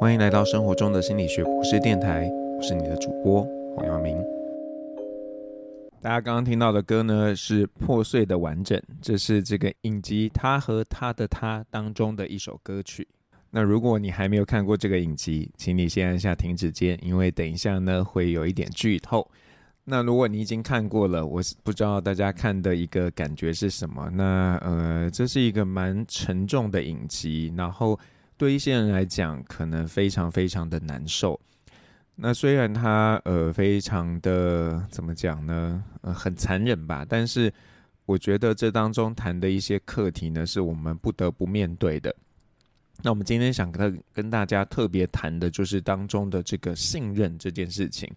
歡迎來到生活中的心理學博士電台，我是你的主播黃耀明。大家剛剛聽到的歌呢是《破碎的完整》，這是這個影集《他和他的他》當中的一首歌曲。那如果你還沒有看過這個影集，請你先按下停止鍵，因為等一下呢會有一點劇透。那如果你已經看過了，我不知道大家看的一個感覺是什麼。那呃，這是一個蠻沉重的影集，然後。對一些人來講，可能非常非常的難受。那雖然他呃非常的怎麼講呢？呃，很殘忍吧。但是我覺得這當中談的一些課題呢，是我們不得不面對的。那我們今天想跟跟大家特別談的，就是當中的這個信任這件事情。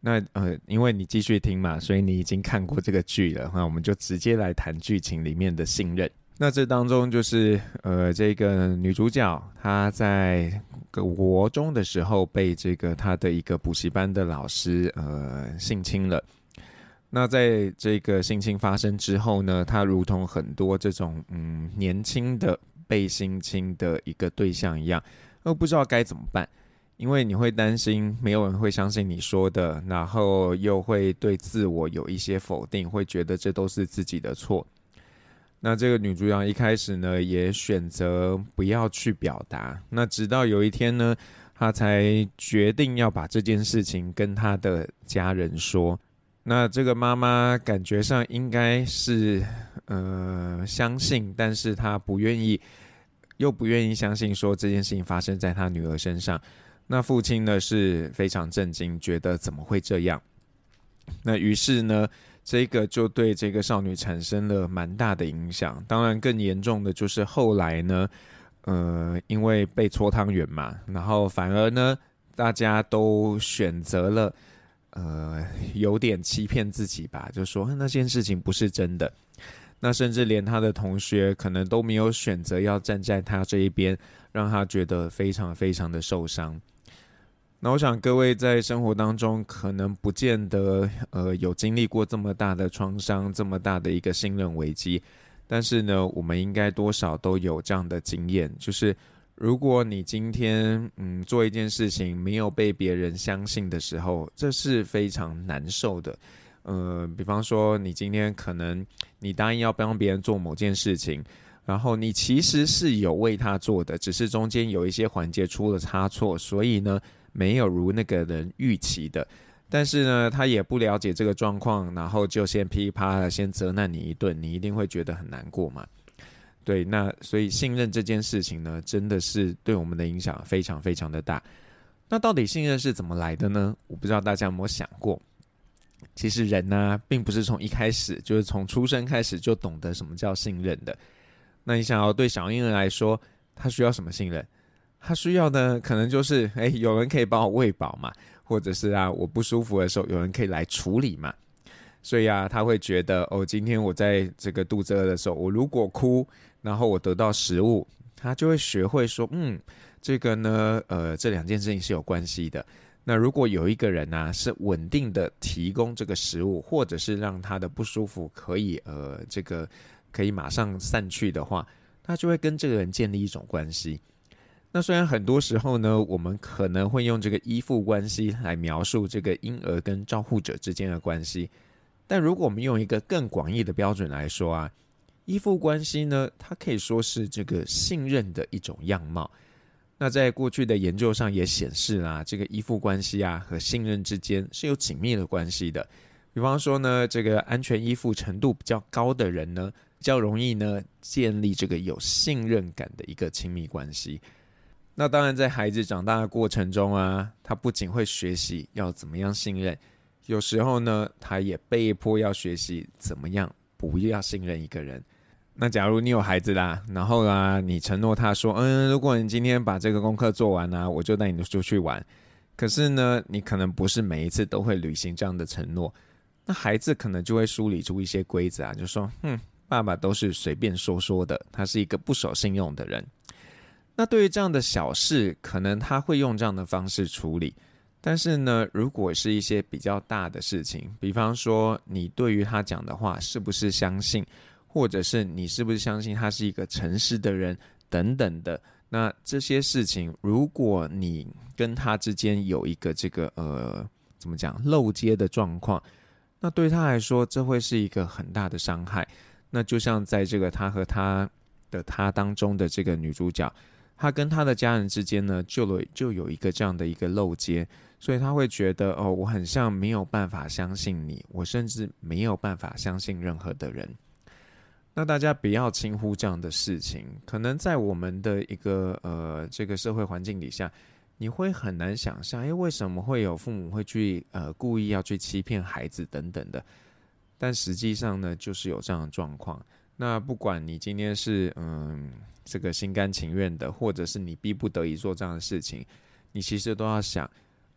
那呃，因為你繼續聽嘛，所以你已經看過這個劇了。那我們就直接來談劇情裡面的信任。那這當中就是，呃，這個女主角她在國中的時候被這個她的一個補習班的老師，呃，性侵了。那在這個性侵發生之後呢，她如同很多這種嗯年輕的被性侵的一個對象一樣，又不知道該怎麼辦，因為你會擔心沒有人會相信你說的，然後又會對自我有一些否定，會覺得這都是自己的錯。那這個女主角一開始呢，也選擇不要去表達。那直到有一天呢，她才決定要把這件事情跟她的家人說。那這個媽媽感覺上應該是，呃，相信，但是她不願意，又不願意相信說這件事情發生在她女兒身上。那父親呢，是非常震驚，覺得怎麼會這樣？那於是呢？這個就對這個少女產生了蠻大的影響。當然，更嚴重的就是後來呢，呃，因為被搓湯圓嘛，然後反而呢，大家都選擇了，呃，有點欺騙自己吧，就說那件事情不是真的。那甚至連他的同學可能都沒有選擇要站在他這一邊，讓他覺得非常非常的受傷。那我想各位在生活當中可能不見得呃有經歷過這麼大的創傷、這麼大的一個信任危機，但是呢，我們應該多少都有這樣的經驗，就是如果你今天嗯做一件事情沒有被別人相信的時候，這是非常難受的。嗯、呃，比方說你今天可能你答應要幫別人做某件事情。然後你其實是有為他做的，只是中間有一些環節出了差錯，所以呢，沒有如那個人預期的。但是呢，他也不了解這個狀況，然後就先噼哩啪啦，先責難你一頓，你一定會覺得很難過嘛？對，那所以信任這件事情呢，真的是對我們的影響非常非常的大。那到底信任是怎麼來的呢？我不知道大家有沒有想過，其實人呢、啊，並不是從一開始，就是從出生開始就懂得什麼叫信任的。那你想要對小嬰兒來說，他需要什麼信任？他需要呢，可能就是，誒，有人可以幫我餵飽嘛，或者是啊，我不舒服的時候，有人可以來處理嘛。所以啊，他會覺得，哦，今天我在這個肚子餓的時候，我如果哭，然後我得到食物，他就會學會說，嗯，這個呢，呃，這兩件事情是有關係的。那如果有一個人呢，是穩定的提供這個食物，或者是讓他的不舒服可以，呃，這個。可以馬上散去的話，他就會跟這個人建立一種關係。那雖然很多時候呢，我們可能會用這個依附關係來描述這個嬰兒跟照護者之間的關係，但如果我們用一個更廣義的標準來說啊，依附關係呢，它可以說是這個信任的一種樣貌。那在過去的研究上也顯示啦啊，這個依附關係啊和信任之間是有緊密的關係的。比方說呢，這個安全依附程度比較高的人呢。比較容易呢，建立這個有信任感的一個親密關係。那當然，在孩子長大的過程中啊，他不僅會學習要怎麼樣信任，有時候呢，他也被迫要學習怎麼樣不要信任一個人。那假如你有孩子啦，然後啦、啊，你承諾他說：“嗯，如果你今天把這個功課做完啦、啊，我就帶你出去玩。”可是呢，你可能不是每一次都會履行這樣的承諾，那孩子可能就會梳理出一些規則啊，就說：“哼、嗯。”爸爸都是隨便說說的，他是一個不守信用的人。那對於這樣的小事，可能他會用這樣的方式處理。但是呢，如果是一些比較大的事情，比方說你對於他講的話是不是相信，或者是你是不是相信他是一個誠實的人等等的，那這些事情，如果你跟他之間有一個這個呃怎麼講漏接的狀況，那對他來說，這會是一個很大的傷害。那就像在這個他和他的他當中的這個女主角，他跟他的家人之間呢，就了就有一個這樣的一個漏接，所以他會覺得哦，我很像沒有辦法相信你，我甚至沒有辦法相信任何的人。那大家不要輕忽這樣的事情，可能在我們的一個呃這個社會環境底下，你會很難想象，誒、哎，為什麼會有父母會去呃故意要去欺騙孩子等等的。但實際上呢，就是有這樣的狀況。那不管你今天是嗯，這個心甘情願的，或者是你逼不得已做這樣的事情，你其實都要想，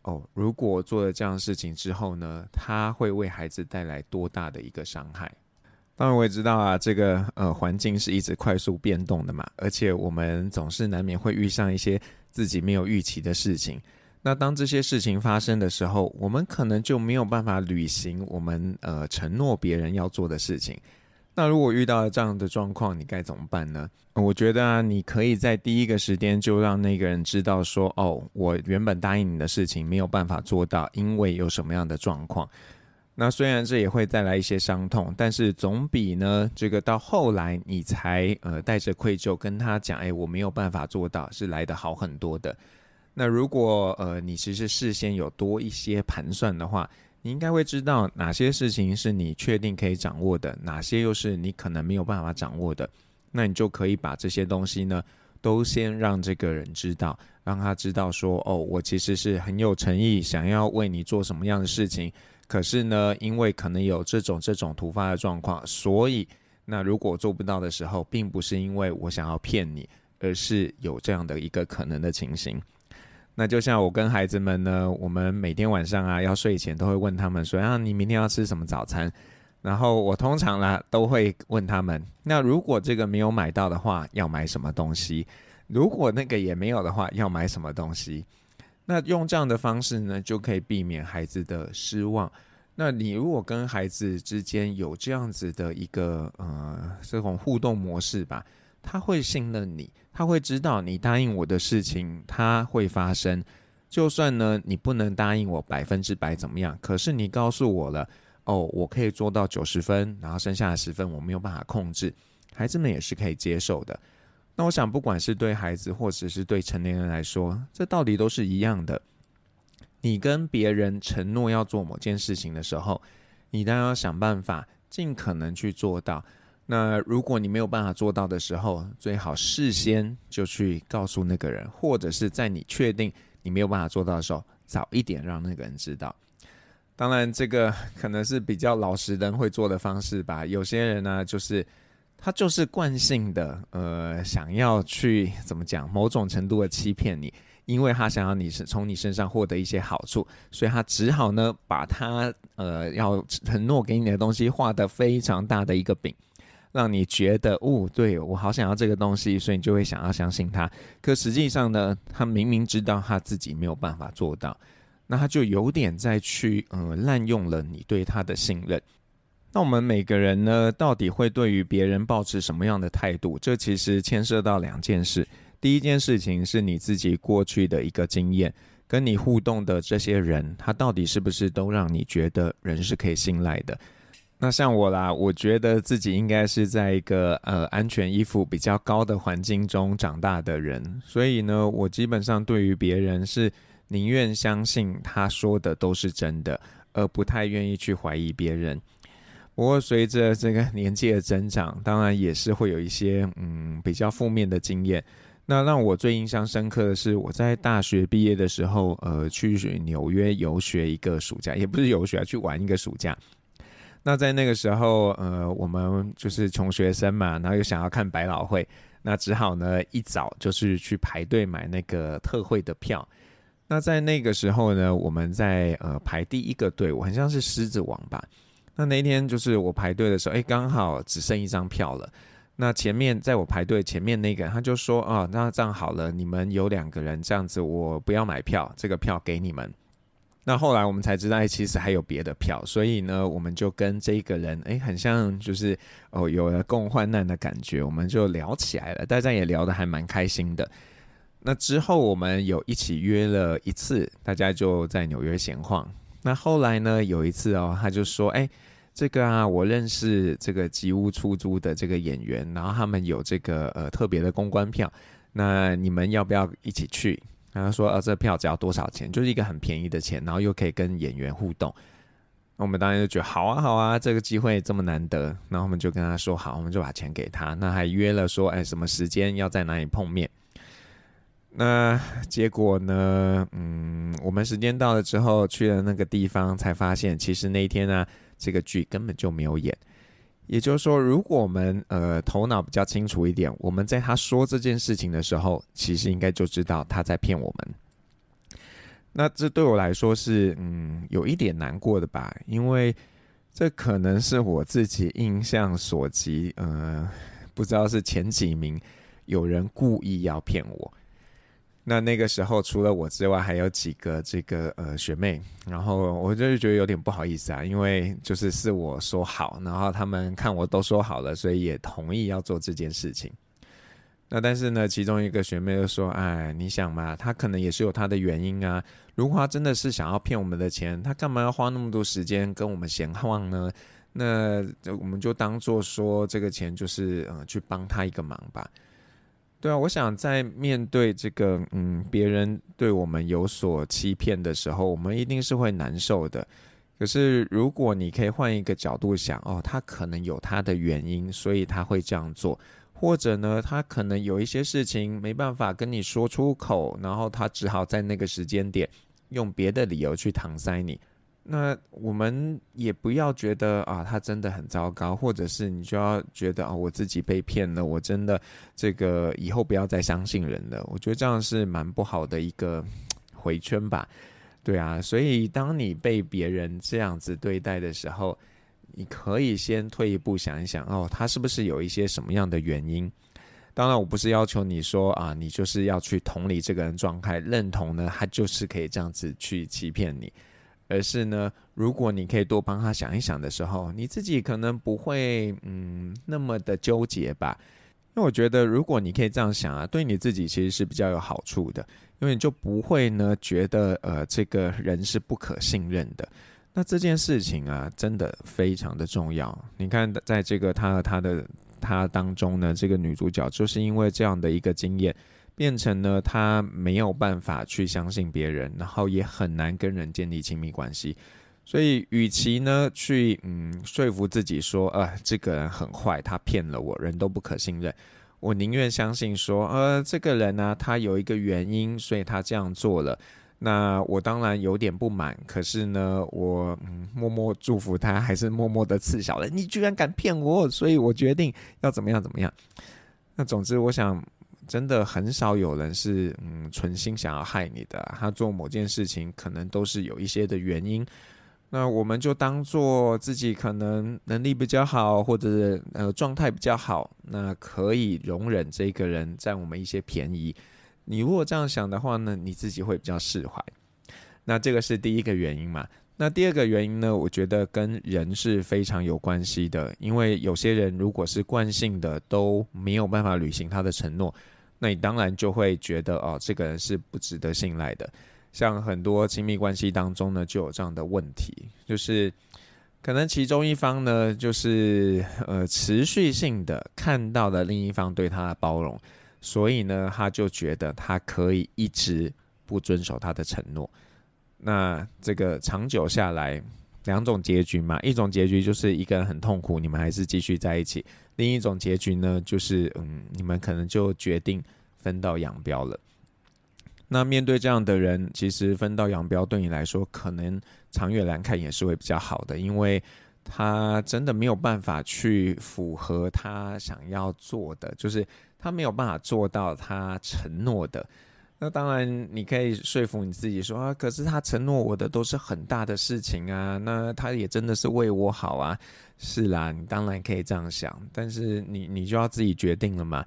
哦，如果做了這樣的事情之後呢，它會為孩子帶來多大的一個傷害？當然我也知道啊，這個呃環境是一直快速變動的嘛，而且我們總是難免會遇上一些自己沒有預期的事情。那當這些事情發生的時候，我們可能就沒有辦法履行我們呃承諾別人要做的事情。那如果遇到了這樣的狀況，你該怎麼辦呢？呃，我覺得啊，你可以在第一個時間就讓那個人知道說，哦，我原本答應你的事情沒有辦法做到，因為有什麼樣的狀況。那雖然這也會帶來一些傷痛，但是總比呢這個到後來你才呃帶着愧疚跟他講，哎，我沒有辦法做到，是來得好很多的。那如果呃，你其實事先有多一些盤算的話，你應該會知道哪些事情是你確定可以掌握的，哪些又是你可能沒有辦法掌握的。那你就可以把這些東西呢，都先讓這個人知道，讓他知道說，哦，我其實是很有誠意想要為你做什麼樣的事情，可是呢，因為可能有這種這種突發的狀況，所以那如果做不到的時候，並不是因為我想要騙你，而是有這樣的一個可能的情形。那就像我跟孩子們呢，我們每天晚上啊要睡前都會問他們說啊，你明天要吃什麼早餐？然後我通常啦都會問他們，那如果這個沒有買到的話，要買什麼東西？如果那個也沒有的話，要買什麼東西？那用這樣的方式呢，就可以避免孩子的失望。那你如果跟孩子之間有這樣子的一個呃這種互動模式吧，他會信任你。他會知道你答應我的事情，它會發生。就算呢，你不能答應我百分之百怎麼樣？可是你告訴我了，哦，我可以做到九十分，然後剩下的十分我沒有辦法控制。孩子們也是可以接受的。那我想，不管是對孩子，或者是對成年人來說，這道理都是一樣的。你跟別人承諾要做某件事情的時候，你當然要想辦法盡可能去做到。那如果你沒有辦法做到的時候，最好事先就去告訴那個人，或者是在你確定你沒有辦法做到的時候，早一點讓那個人知道。當然，這個可能是比較老實人會做的方式吧。有些人呢、啊，就是他就是慣性的，呃，想要去怎麼講，某種程度的欺騙你，因為他想要你是從你身上獲得一些好處，所以他只好呢，把他呃要承諾給你的東西畫得非常大的一個餅。讓你覺得哦，對我好想要這個東西，所以你就會想要相信他。可實際上呢，他明明知道他自己沒有辦法做到，那他就有點再去呃，濫用了你對他的信任。那我們每個人呢，到底會對於別人抱持什麼樣的態度？這其實牽涉到兩件事。第一件事情是你自己過去的一個經驗，跟你互動的這些人，他到底是不是都讓你覺得人是可以信賴的？那像我啦，我覺得自己應該是在一個呃安全依附比較高的環境中長大的人，所以呢，我基本上對於別人是寧願相信他說的都是真的，而不太願意去懷疑別人。不過隨着這個年紀的增長，當然也是會有一些嗯比較負面的經驗。那讓我最印象深刻的是，我在大學畢業的時候，呃，去紐約遊學一個暑假，也不是遊學，去玩一個暑假。那在那個時候，呃，我們就是窮學生嘛，然後又想要看百老匯，那只好呢一早就是去排隊買那個特惠的票。那在那個時候呢，我們在呃排第一個隊伍，很像是獅子王吧。那那天就是我排隊的時候，哎、欸，剛好只剩一張票了。那前面在我排隊前面那個人，他就說哦，那這樣好了，你們有兩個人這樣子，我不要買票，這個票給你們。那後來我們才知道，哎，其實還有別的票，所以呢，我們就跟這一個人，哎，很像，就是哦，有了共患難的感覺，我們就聊起來了，大家也聊得還蠻開心的。那之後我們有一起約了一次，大家就在紐約閒晃。那後來呢，有一次哦，他就說，哎，這個啊，我認識這個吉屋出租的這個演員，然後他們有這個呃特別的公關票，那你們要不要一起去？然後說啊、呃，這票只要多少錢？就是一個很便宜的錢，然後又可以跟演員互動。那我們當然就覺得好啊，好啊，這個機會這麼難得。然後我們就跟他說好，我們就把錢給他。那還約了說，哎，什麼時間要在哪裡碰面？那結果呢？嗯，我們時間到了之後去了那個地方，才發現其實那一天呢、啊，這個劇根本就沒有演。也就是說，如果我們呃頭腦比較清楚一點，我們在他說這件事情的時候，其實應該就知道他在騙我們。那這對我來說是嗯有一點難過的吧，因為這可能是我自己印象所及，呃，不知道是前幾名，有人故意要騙我。那那個時候，除了我之外，還有幾個這個呃學妹，然後我就是覺得有點不好意思啊，因為就是是我說好，然後他們看我都說好了，所以也同意要做這件事情。那但是呢，其中一個學妹就說：“哎，你想嘛，她可能也是有她的原因啊。如果她真的是想要騙我們的錢，她幹嘛要花那麼多時間跟我們閒晃呢？那我們就當做說這個錢就是嗯、呃、去幫她一個忙吧。”對啊，我想在面對這個，嗯，別人對我們有所欺騙的時候，我們一定是會難受的。可是如果你可以換一個角度想，哦，他可能有他的原因，所以他會這樣做，或者呢，他可能有一些事情沒辦法跟你說出口，然後他只好在那個時間點用別的理由去搪塞你。那我們也不要覺得啊，他真的很糟糕，或者是你就要覺得啊，哦，我自己被騙了，我真的這個以後不要再相信人了。我覺得這樣是蠻不好的一個迴圈吧，對啊。所以當你被別人這樣子對待的時候，你可以先退一步想一想，哦，他是不是有一些什麼樣的原因？當然，我不是要求你說啊，你就是要去同理這個人狀態，認同呢，他就是可以這樣子去欺騙你。而是呢，如果你可以多幫他想一想的時候，你自己可能不會嗯那麼的糾結吧。因為我覺得，如果你可以這樣想啊，對你自己其實是比較有好處的，因為你就不會呢覺得呃這個人是不可信任的。那這件事情啊，真的非常的重要。你看，在這個他和他的他當中呢，這個女主角就是因為這樣的一個經驗。變成呢，他沒有辦法去相信別人，然後也很難跟人建立親密關係。所以，與其呢去嗯說服自己說，呃，這個人很壞，他騙了我，人都不可信任，我寧願相信說，呃，這個人呢、啊，他有一個原因，所以他這樣做了。那我當然有點不滿，可是呢，我、嗯、默默祝福他，還是默默的刺小人，你居然敢騙我，所以我決定要怎麼樣怎麼樣。那總之，我想。真的很少有人是嗯存心想要害你的啊，他做某件事情可能都是有一些的原因。那我們就當做自己可能能力比較好，或者是呃狀態比較好，那可以容忍這個人佔我們一些便宜。你如果這樣想的話呢，你自己會比較釋懷。那這個是第一個原因嘛？那第二個原因呢？我覺得跟人是非常有關係的，因為有些人如果是慣性的，都沒有辦法履行他的承諾。那你當然就會覺得哦，這個人是不值得信賴的。像很多親密關係當中呢，就有這樣的問題，就是可能其中一方呢，就是呃持續性的看到了另一方對他的包容，所以呢，他就覺得他可以一直不遵守他的承諾。那這個長久下來，兩種結局嘛，一種結局就是一個人很痛苦，你們還是繼續在一起；另一種結局呢，就是嗯，你們可能就決定分道揚鑣了。那面對這樣的人，其實分道揚鑣對你來說，可能長遠來看也是會比較好的，因為他真的沒有辦法去符合他想要做的，就是他沒有辦法做到他承諾的。那當然，你可以說服你自己說啊，可是他承諾我的都是很大的事情啊，那他也真的是為我好啊。是啦，你當然可以這樣想，但是你你就要自己決定了嘛。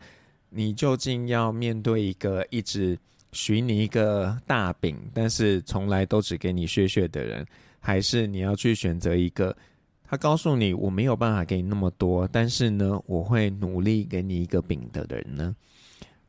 你究竟要面對一個一直許你一個大餅，但是從來都只給你屑屑的人，還是你要去選擇一個他告訴你，我沒有辦法給你那麼多，但是呢，我會努力給你一個餅的人呢？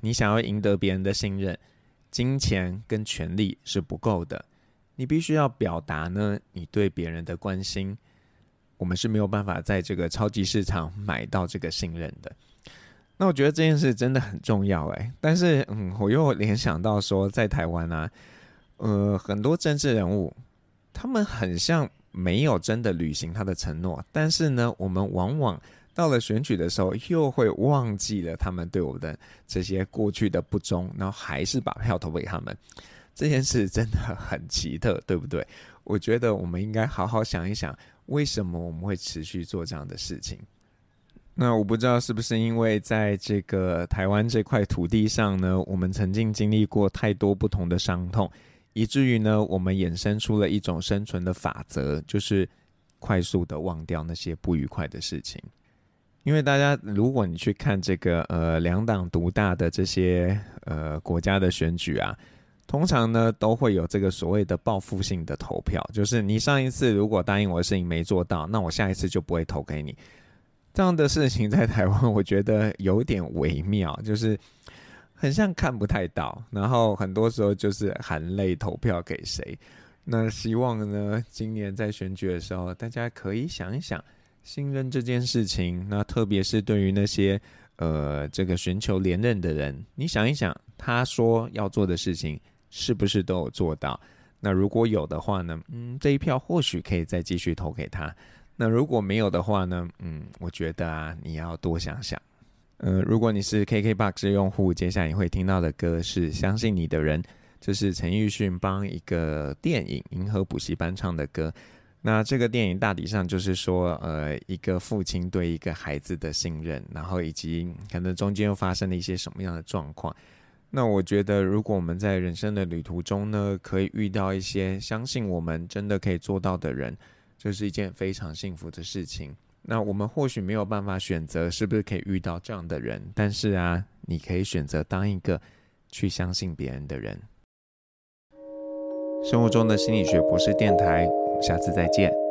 你想要贏得別人的信任，金錢跟權力是不夠的，你必須要表達呢，你對別人的關心。我們是沒有辦法在這個超級市場買到這個信任的。那我覺得這件事真的很重要誒。但是嗯，我又聯想到說，在台灣呢，啊，呃，很多政治人物，他們很像沒有真的履行他的承諾，但是呢，我們往往。到了選舉的時候，又會忘記了他們對我們的這些過去的不忠，然後還是把票投給他們。這件事真的很奇特，對不對？我覺得我們應該好好想一想，為什麼我們會持續做這樣的事情。那我不知道是不是因為在這個台灣這塊土地上呢，我們曾經經歷過太多不同的傷痛，以至於呢，我們衍生出了一種生存的法則，就是快速的忘掉那些不愉快的事情。因為大家，如果你去看這個呃兩黨獨大的這些呃國家的選舉啊，通常呢都會有這個所謂的報復性的投票，就是你上一次如果答應我的事情沒做到，那我下一次就不會投給你。這樣的事情在台灣，我覺得有點微妙，就是很像看不太到，然後很多時候就是含淚投票給誰。那希望呢，今年在選舉的時候，大家可以想一想。信任這件事情，那特別是對於那些呃，這個尋求連任的人，你想一想，他說要做的事情是不是都有做到？那如果有的話呢，嗯，這一票或許可以再繼續投給他。那如果沒有的話呢，嗯，我覺得啊，你要多想想。嗯、呃，如果你是 KKBOX 用戶，接下來你會聽到的歌是《相信你的人》，這是陳奕迅幫一個電影《銀河補習班》唱的歌。那這個電影大體上就是說，呃，一個父親對一個孩子的信任，然後以及可能中間又發生了一些什麼樣的狀況。那我覺得，如果我們在人生的旅途中呢，可以遇到一些相信我們真的可以做到的人，這，就是一件非常幸福的事情。那我們或許沒有辦法選擇是不是可以遇到這樣的人，但是啊，你可以選擇當一個去相信別人的人。生活中的心理學博士電台。下次再見。